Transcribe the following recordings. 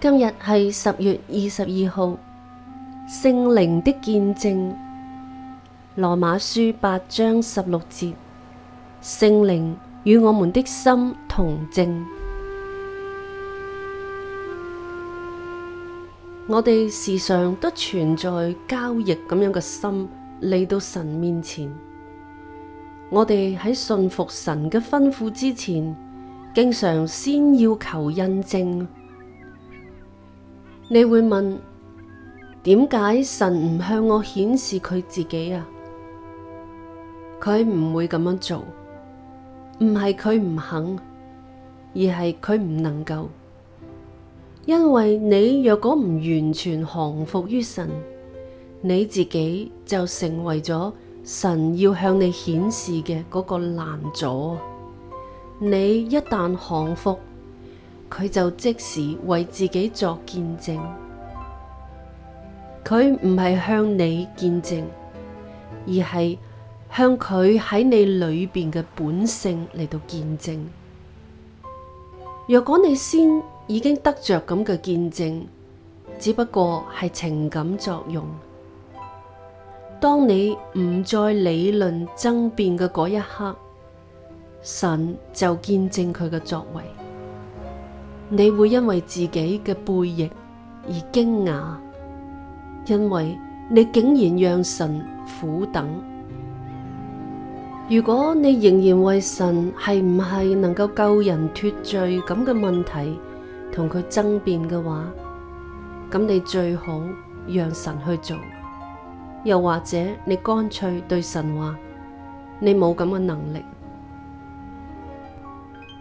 今日係十月二十二號，聖靈的見證，羅馬書八章十六節，聖靈與我們的心同證。」我哋時常都存在交易咁樣嘅心嚟到神面前，我哋喺信服神嘅吩咐之前，經常先要求印證。你會問點解神唔向我顯示佢自己啊？佢唔會咁樣做，唔係佢唔肯，而係佢唔能夠。因為你若果唔完全降服於神，你自己就成為咗神要向你顯示嘅嗰個攔阻。你一旦降服。佢就即時為自己作見證，佢唔係向你見證，而係向佢喺你裏邊嘅本性嚟到見證。若果你先已經得着咁嘅見證，只不過係情感作用。當你唔再理論爭辯嘅嗰一刻，神就見證佢嘅作為。你會因為自己嘅背逆而驚訝，因為你竟然讓神苦等。如果你仍然為神係唔係能夠救人脫罪咁嘅問題同佢爭辯嘅話，咁你最好讓神去做，又或者你乾脆對神話你冇咁嘅能力，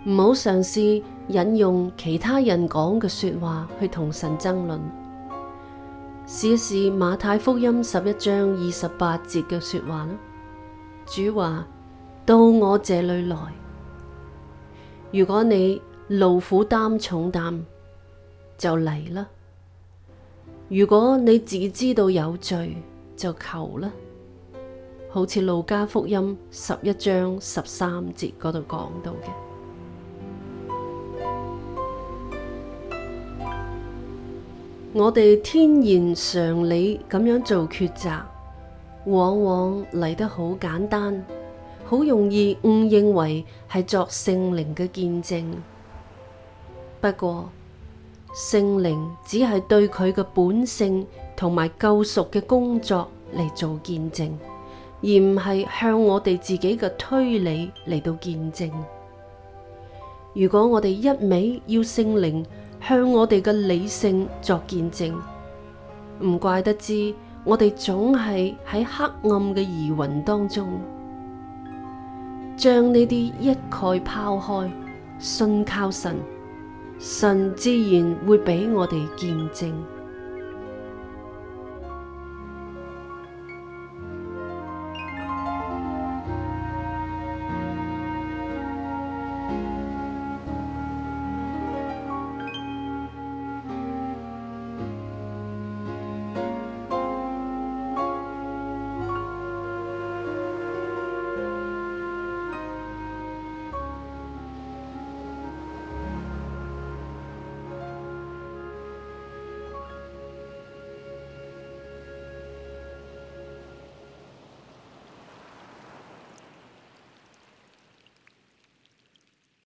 唔好嘗試。引用其他人講嘅說話去同神爭論，試一試馬太福音十一章二十八節嘅說話。主話：到我這裏來，如果你勞苦擔重擔，就嚟啦；如果你自己知道有罪，就求啦。好似路加福音十一章十三節嗰度講到嘅。我哋天然常理咁樣做抉擇，往往嚟得好簡單，好容易誤認為係作聖靈嘅見證。不過，聖靈只係對佢嘅本性同埋救贖嘅工作嚟做見證，而唔係向我哋自己嘅推理嚟到見證。如果我哋一味要聖靈，向我哋嘅理性作見證，唔怪得知，我哋總係喺黑暗嘅疑雲當中，將呢啲一概拋開，信靠神，神自然會俾我哋見證。